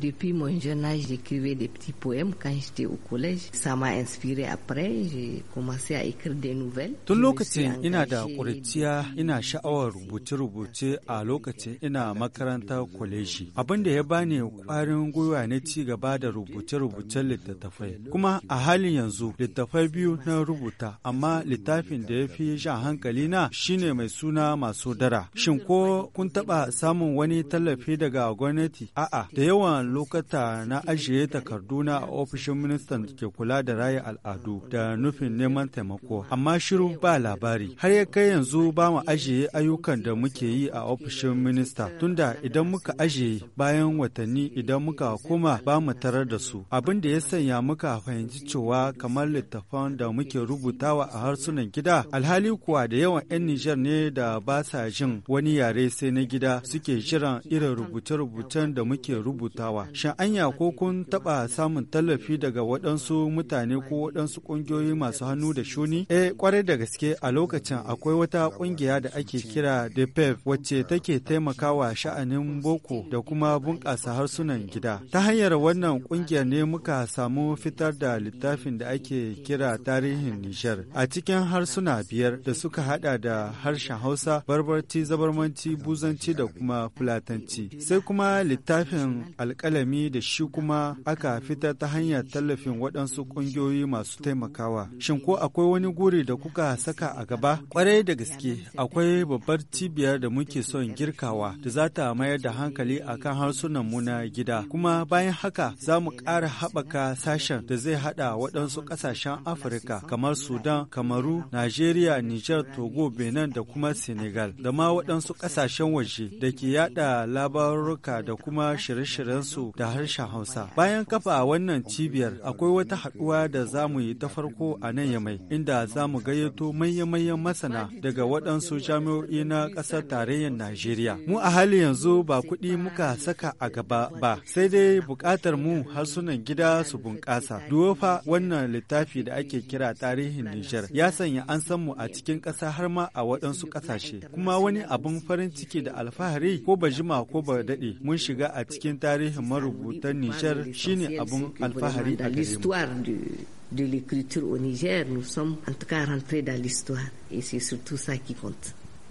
Depuis mon jeune âge, j'écrivais des petits poèmes quand j'étais au collège. Ça m'a inspiré après, j'ai commencé à écrire des nouvelles. Tun lokacin ina da ƙuriciya ina sha'awar rubuce-rubuce a lokacin ina makaranta kwaleji. Abin da ya bani ƙwarin gwiwa na ci gaba da rubuce-rubucen littattafai. Kuma a halin yanzu littattafai biyu na rubuta amma littafin da ya fi shan hankali na shine mai suna masu dara. Shin ko kun taɓa samun wani tallafi daga gwamnati? A'a, da yawan Lokata na ajiye takarduna a ofishin ministan da ke kula da raya al'adu da nufin neman taimako, amma shiru ba labari. Har ya kai yanzu ba mu ajiye ayyukan da muke yi a ofishin minista, tunda idan muka ajiye bayan watanni idan muka koma ba mu tarar da su. Abin da ya sanya muka fahimci cewa kamar littafan da muke rubutawa a harsunan gida, alhali kuwa da yawan 'yan Nijar ne da ba sa jin wani yare sai na gida suke jiran irin rubuce-rubucen da muke rubutawa. yawa. Shin anya ko kun taɓa samun tallafi daga waɗansu mutane ko waɗansu ƙungiyoyi masu hannu da shuni? Eh, kwarai da gaske a lokacin akwai wata ƙungiya da ake kira DPEP wacce take taimakawa sha'anin boko da kuma bunƙasa harsunan gida. Ta hanyar wannan ƙungiyar ne muka samu fitar da littafin da ake kira tarihin Nijar a cikin harsuna biyar da suka haɗa da harshen Hausa, Barbarci, Zabarmanci, Buzanci da kuma Fulatanci. Sai kuma littafin alƙalami alami da shi kuma aka fitar ta hanyar tallafin waɗansu ƙungiyoyi masu taimakawa. Shin ko akwai wani guri da kuka saka a gaba? kwarai da gaske akwai babbar cibiyar da muke son girkawa da za ta mayar da hankali a kan harsunan mu na gida. Kuma bayan haka za mu ƙara haɓaka sashen da zai haɗa waɗansu ƙasashen Afirka kamar Sudan, Kamaru, Najeriya, Nijar, Togo, Benin da kuma Senegal da ma waɗansu ƙasashen waje da ke yaɗa labaruka da kuma shirye-shiryensu su da harshen Hausa. Bayan kafa wannan cibiyar akwai wata haɗuwa da za mu yi ta farko a nan Yamai inda za mu gayyato manya-manyan masana daga waɗansu jami'o'i na ƙasar tarayyar Najeriya. Mu a hali yanzu ba kuɗi muka saka a gaba ba sai dai buƙatar mu harsunan gida su bunƙasa. Duwofa wannan littafi da ake kira tarihin Nijar ya sanya an san mu a cikin ƙasa har ma a waɗansu ƙasashe kuma wani abin farin ciki da alfahari ko ba jima ko ba daɗe mun shiga a cikin tarihin marubutan Nijar shine abun alfahari a de l'écriture au Niger, nous sommes en tout cas rentrés dans l'histoire et c'est surtout ça qui compte.